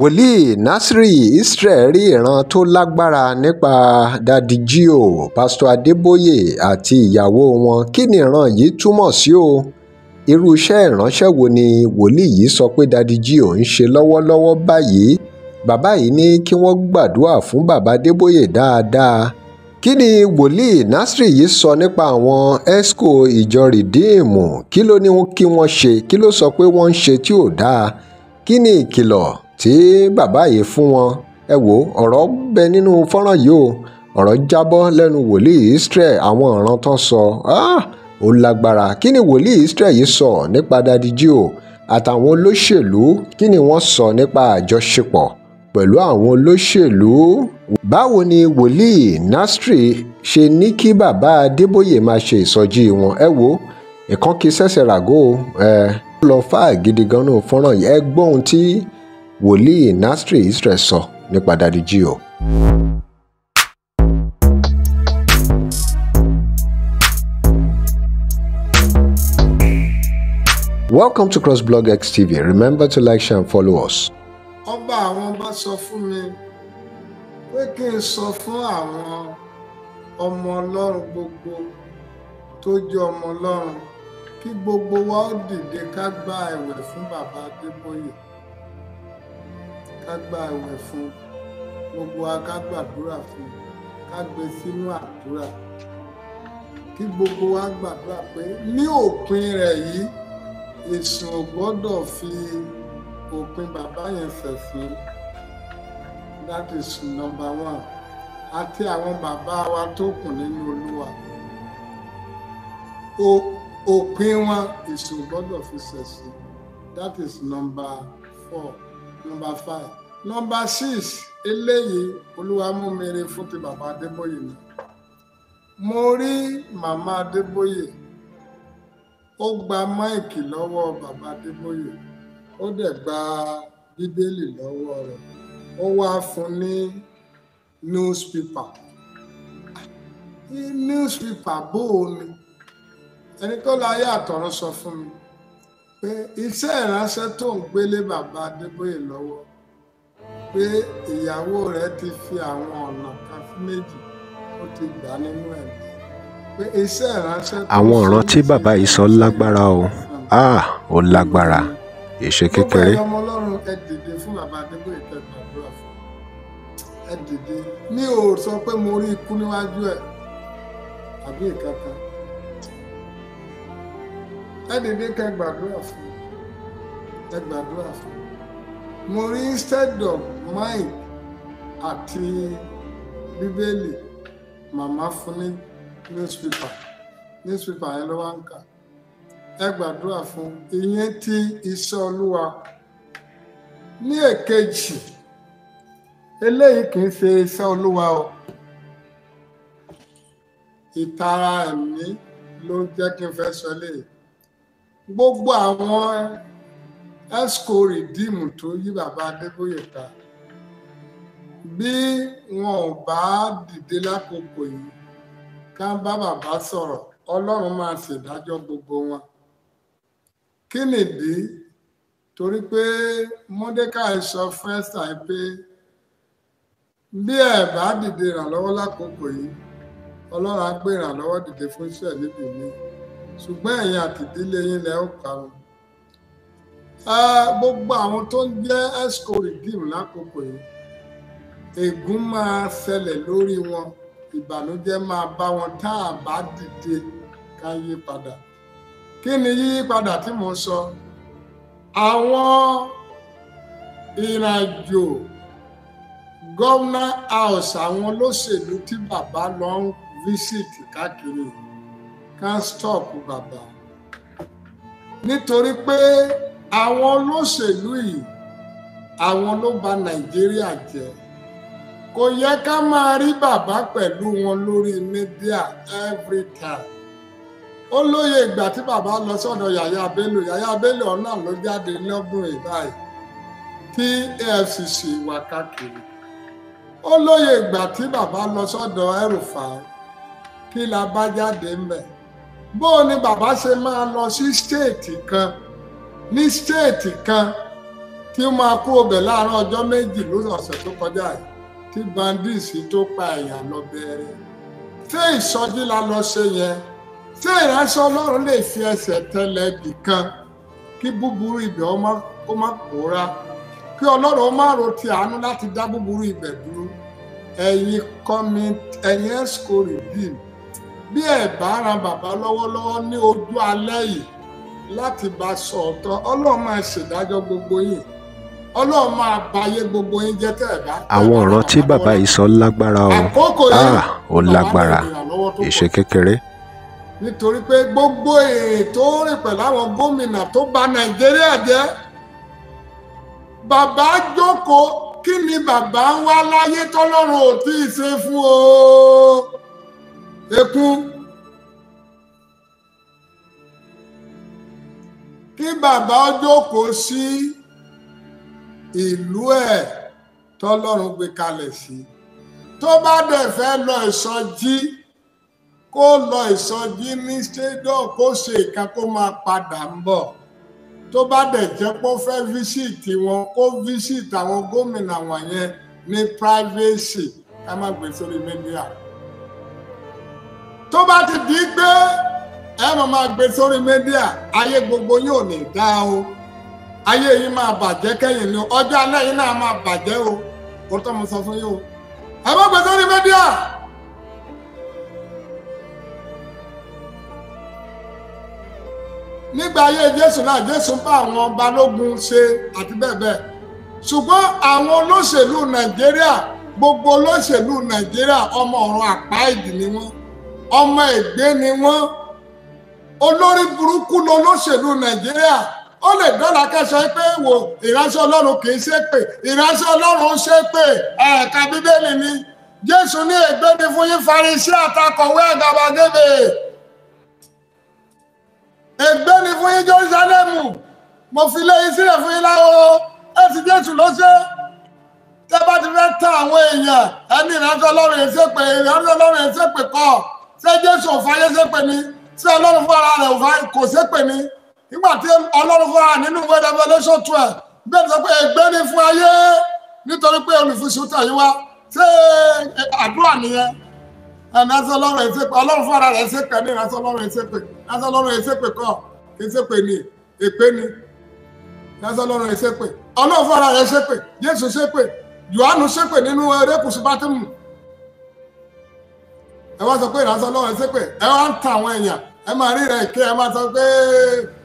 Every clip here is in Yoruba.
wòlíì nasiri israel rí ìran tó lágbára nípa dadijio pásítọ̀ adéboye àti ìyàwó wọn kí ni ìran yìí túmọ̀ sí o irú iṣẹ́ ìránṣẹ́ wo ni wòlíì yìí sọ pé dadijio ń ṣe lọ́wọ́lọ́wọ́ báyìí bàbá yìí ní kí wọ́n gbàdúrà fún bàbá adéboye dáadáa kí ni wòlíì nasiri yìí sọ nípa àwọn esco ìjọ rìdíìmù kí ló ní kí wọ́n ṣe kí ló sọ pé wọ́n ń ṣe tí ò dáa kí ni ìkìlọ̀ tí bàbá yìí fún wọn ẹ wò ọ̀rọ̀ bẹ nínú fọ́nrán yìí o ọ̀rọ̀ jábọ́ lẹ́nu wòlíì Israel àwọn ọ̀ràn tó sọ ah, ó lágbára kí ni wòlíì Israel yìí sọ nípa Daddy Gio àtàwọn olóṣèlú kí ni wọ́n sọ nípa àjọṣepọ̀ pẹ̀lú àwọn olóṣèlú. báwo ni wòlíì Nasri ṣe ní kí bàbá Adébóyè máa ṣe ìsọjí wọn ẹ wo ìkànkí sẹ́sẹ̀ ràgó ẹ lọ fáà gidi gan fọ́nrán yìí ẹ gbọ́ tí wòlíì nasri israel sọ nípa Daddy Gio. welcome to crossblog x tv remember to like share and follow us. ọba àwọn ọba sọ fún mi pé kí n sọ fún àwọn ọmọ ọlọ́run gbogbo tó jẹ́ ọmọ ọlọ́run kí gbogbo wa ó dìde ká gba ẹ̀wẹ̀ fún bàbá adébóyè ká gba ìwẹ̀ fún gbogbo wa ká gbàdúrà fún ká gbé sínú àdúrà kí gbogbo wa gbàdúrà pé ní òpin rẹ̀ yìí èṣù ò fi òpin bàbá yẹn ṣẹ̀sìn that is number one àti àwọn bàbá wa tó kù nínú olúwa òpin wọn èṣù ò gbọ́dọ̀ fi ṣẹ̀sìn that is number four number five number six eléyìí olúwamúmire fún ti bàbá adébóyè ni mo rí màmá adébóyè ó gba máìkì lọ́wọ́ bàbá adébóyè ó dẹ̀ gba bíbélì lọ́wọ́ rẹ̀ ó wá fún ní newspaper newspaper bóò ni ẹni tó láyé àtọ̀run sọ fún mi pé iṣẹ́ ìránṣẹ́ tó ń gbélé bàbá Adébóyè lọ́wọ́ pé ìyàwó rẹ̀ ti fi àwọn ọ̀nà kan sí méjì ó ti gbà nínú ẹ̀ pé iṣẹ́ ìránṣẹ́ àwọn ọ̀ràn tí bàbá yìí sọ lágbára o ah ó lágbára ìṣe kékeré. ọmọ ọlọ́run ẹ dìde fún bàbá Adébóyè kẹgbàdúrà fún ẹ dìde mi ò sọ pé mo rí ikú níwájú ẹ àbí ìkankan ẹ dìde kẹ́ gbàdúrà fún ẹ gbàdúrà fún mo rí instead of mike àti bíbélì màmá fún ní newspaper newspaper yẹn ló wá ń kà ẹ gbàdúrà fún ìyẹn ti iṣẹ́ olúwa ní èkejì eléyìí kì í ṣe iṣẹ́ olúwa o ìtara ẹ̀mí ló jẹ́ kí n fẹ́ sọ eléyìí gbogbo àwọn esco rìdíìmù tó yí bàbá adébóyè ká bí wọn ò bá dìde lákòókò yìí ká bá bàbá sọ̀rọ̀ ọlọ́run máa ṣèdájọ́ gbogbo wọn kí nìdí torí pé mordecai sọ fún esther pé bí ẹ bá dìde ìrànlọ́wọ́ lákòókò yìí ọlọ́run á gbé ìrànlọ́wọ́ dìde fún iṣẹ́ níbi mi ṣùgbọ́n ẹ̀yin àti ìdílé yín lẹ ó karùn. gbogbo àwọn tó ń jẹ́ esco redeem lákòókò yìí ègún máa ṣẹlẹ̀ lórí wọn ìbànújẹ́ máa bá wọn tá a bá dìde ká yí padà. kí ni yí padà tí mo sọ? àwọn ìrìnàjò gọ́vnà house àwọn olóṣèlú tí bàbá lọ ń visit káàkiri yìí kan stop bàbá nítorí pé àwọn olóṣèlú yìí àwọn ló bà nàìjíríà jẹ́ kò yẹ ká máa rí bàbá pẹ̀lú wọn lórí media every time ó lóye ìgbà tí bàbá lọ sọ́dọ̀ yàyà bello yàyà bello ọ̀nà ló jáde lọ́gbọ̀n ìbáyìí tí efcc wà káàkiri ó lóye ìgbà tí bàbá lọ sọ́dọ̀ ẹrùfà kí la bá jáde ń bẹ̀ bó ni bàbá ṣe máa lọ sí stéètì kan ní stéètì kan tí ó máa kúrò bẹ̀ láàárọ̀ ọjọ́ méjì lọ́sọ̀ọ̀sẹ̀ tó kọjá yìí tí bandits tó pa èèyàn lọ bẹ̀rẹ̀ ṣé ìsọjí la lọ ṣe yẹn ṣé ìránṣẹ́ ọlọ́run lè fi ẹsẹ̀ tẹ̀lé ibì kan kí búburú ibẹ̀ ó má pòórá kí ọlọ́run ó má ro ti àánú láti dá búburú ibẹ̀ dúró ẹ̀yin kọ́mi ẹ̀yin ẹ̀sìkò rìdíìmù bí ẹ bá ran bàbá lọ́wọ́lọ́wọ́ ní ojú alẹ́ yìí láti bá sọ ọlọ́run máa ṣèdájọ́ gbogbo yìí ọlọ́run máa bayé gbogbo yín jẹ́ tẹ́ ẹ̀ bá. àwọn ọ̀rọ̀ tí bàbá yìí sọ lágbára o ah, ó lágbára ìṣe kékeré. nítorí pé gbogbo èrè tó pẹ̀lú àwọn gómìnà tó bà nàìjíríà jẹ́ bàbá jókòó kí ni bàbá ń wá láyé tọ́lọ́run ò tí ì ṣe fún o ẹkún kí bàbá ó jókòó sí ìlú ẹ̀ tọ́lọ́run gbé kalẹ̀ sí tó bá dẹ̀ fẹ́ lọ ìsọjí kó lọ ìsọjí ní stadium kó ṣe ìkan kó máa padà ń bọ̀ tó bá dẹ̀ jẹ́ pé fẹ́ fíṣítì wọn kó fíṣítì àwọn gómìnà wọ̀nyẹn ní privacy ká má gbé sórí media tó bá ti di gbé ẹ mọ̀ máa gbé sórí mídíà ayé gbogbo yóò ní dá o ayé yìí máa bàjẹ́ kẹ́yìn ni ọjọ́ alẹ́ yìí náà máa bàjẹ́ o kò tó mo sọ fún yín o ẹ mọ̀ gbé sórí mídíà. nígbà ayé Jésù náà Jésù bá àwọn balógun ṣe àti bẹ́ẹ̀ bẹ́ẹ̀ ṣùgbọ́n àwọn olóṣèlú Nàìjíríà gbogbo olóṣèlú Nàìjíríà ọmọ ọ̀run àpáìdì ni wọ́n ọmọ ègbé ni wọ́n olórí burúkú lolóṣèlú nàìjíríà ó lè dọ́là kẹsàn án pé wò ìránṣẹ́ ọlọ́run kì í ṣe pé ìránṣẹ́ ọlọ́run ń ṣe pé ẹ̀ka bíbélì ni jésù ní ègbé ni fún yín farisí àtakọ̀wé àgàbàgebè ègbé ni fún yín jerusalemu mo fi lé yín sílẹ̀ fún yín láwọ́ ẹ ti jésù ló ṣe tẹ́ bá ti fẹ́ tán àwọn èèyàn ẹni ìránṣẹ́ ọlọ́run yẹn ṣe pé ìránṣẹ́ ọlọ́run yẹn ṣe pé kọ́ ṣé jésù ọ̀fáyé ṣépè ni ṣé ọlọ́run fún ara rẹ̀ kò ṣépè ni nígbà tí ọlọ́run fún ara nínú ìwé Revelation twelve bẹ́ẹ̀ sọ pé ègbé ni fún ayé nítorí pé olùfisùtà yìí wá ṣé àdúrà nìyẹn ẹ̀nà ẹ̀sẹ̀ ọlọ́run ẹ̀ṣẹ̀pẹ̀ ọlọ́run fún ara rẹ̀ ẹ̀ṣẹ̀pẹ̀ ní ẹ̀sẹ̀ ọlọ́run ẹ̀ṣẹ̀pẹ̀ ẹ̀sẹ̀ ọlọ́run ẹ̀ṣẹ̀pẹ̀ kọ́ ẹ̀ṣẹ̀pẹ̀ ni èpè ni ẹ̀sẹ̀ ọlọ́run ẹ̀ṣẹ̀pẹ̀ ọlọ́run fún ara rẹ̀ ẹ̀ṣẹ̀pẹ̀ Jésù ṣépè Jòhánù ṣépè nínú erékùsù bátìmù ẹ wá sọ pé ìránṣẹ́ Ọlọ́run ẹ ṣépè ẹ wá ń ta àwọn èèyàn ẹ máa rí rẹ̀ kí ẹ máa sọ pé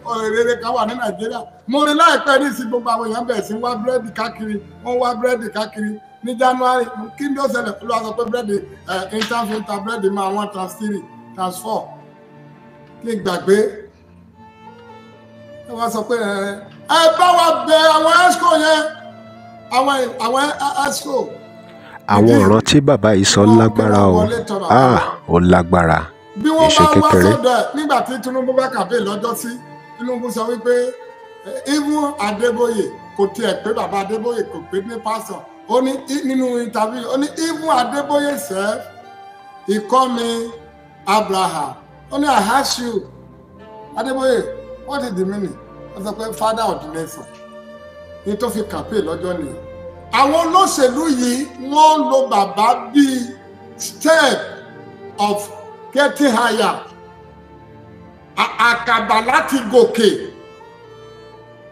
òrèrè kan wà ní Nàìjíríà mo rí láìpẹ́ ní ìsìn gbogbo àwọn èèyàn bẹ̀rẹ̀ sí wá búrẹ́dì káàkiri wọ́n wá búrẹ́dì káàkiri ní January kí ni ó ṣẹlẹ̀ ló wá sọ pé búrẹ́dì ẹ̀ intanfita búrẹ́dì máa wọ́n trans three trans four kí n gbàgbé ẹ wá sọ pé ẹ bá wa bẹ àwọn esco yẹn àwọn esco àwọn ọ̀rọ̀ tí bàbá yìí sọ lágbára o ah ó lágbára ìṣe kékeré. bí wọ́n bá wá sọ́dọ̀ ẹ̀ nígbà tí Tinubu bá kàdé lọ́jọ́ sí Tinubu sọ wípé eh, even Adébóyè kò tiẹ̀ pé bàbá Adébóyè kò pé ní pásọ̀ ó ní nínú interview ó ní even Adébóyè sẹ́ ìkọ́ mi Abraham ó ní I ask you Adébóyè what is the meaning? wọ́n sọ pé father of the nation ní tó fi kàpé lọ́jọ́ nìyẹn àwọn olóṣèlú yìí wọ́n ń lo bàbá bíi step of getting higher àkàbà láti gòkè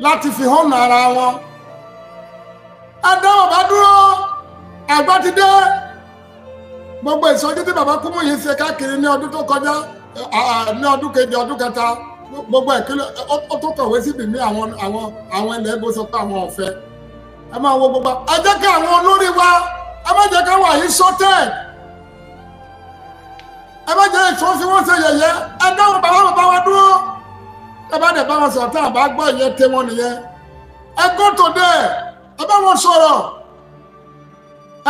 láti fi hàn ara wọn adáwọ̀ bá dúró àgbà ti dé gbogbo ìsọjí tí bàbá kúmú yìí ṣe káàkiri ní ọdún tó kọjá ní ọdún kejì ọdún kẹta gbogbo ìkílẹ̀ ó tó kọ̀wé síbi ní àwọn àwọn àwọn ilẹ̀ ẹgbẹ́ sọ pé àwọn ọ̀fẹ́ ẹ máa wo gbogbo ẹ jẹ́ kí àwọn olórí wa ẹ má jẹ́ ká wà yìí sọ́tẹ̀ ẹ má jẹ́ ìfọ́nfí wọ́n ṣe yẹ̀yẹ́ ẹ dáhùn bàbá bàbá wa dúró ẹ bá dẹ̀ bá wọn sọ̀tẹ̀ àbá gbọ́ ìyẹn tẹ wọn nìyẹn ẹ go to there ẹ bá wọn sọ̀rọ̀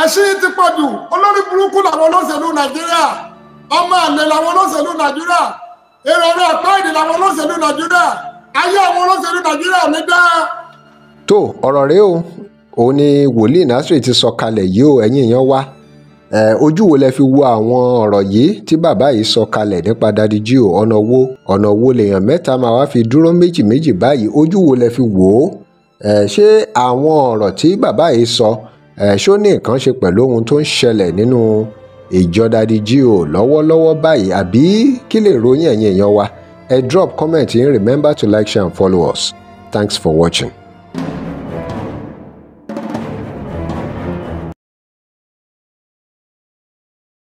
ẹ̀sìn ti pọ̀ jù olórí burúkú làwọn olóṣèlú nàìjíríà ọmọ àlè làwọn olóṣèlú nàìjíríà èrò rẹ̀ pẹ́ẹ́dì làwọn olóṣèlú nàìjíríà ayé àwọn olóṣèlú nàìjíríà ní dáa tó ọ̀rọ̀ rẹ o òun ni wòlíì Nasiri ti sọ kalẹ̀ yìí o ẹ̀yin èèyàn wa ojú wo lẹ fi wo àwọn ọ̀rọ̀ yìí tí bàbá yìí sọ kalẹ̀ nípa Daddy Gio ọ̀nà wo ọ̀nà wo lèèyàn mẹ́ta máa wá fi dúró méjì méjì báyìí ojú wo lẹ fi wò ó ṣé àwọn ọ̀rọ̀ tí bàbá yìí sọ ṣó ní nǹkan ṣe pẹ̀lú ohun tó ń ṣẹlẹ̀ nínú ìjọ Daddy Gio lọ́wọ́lọ́wọ́ báyìí àbí kí lè ròyìn ẹ̀yin èèyàn wa ẹ drop comment in remember to like share and follow us thanks for watching.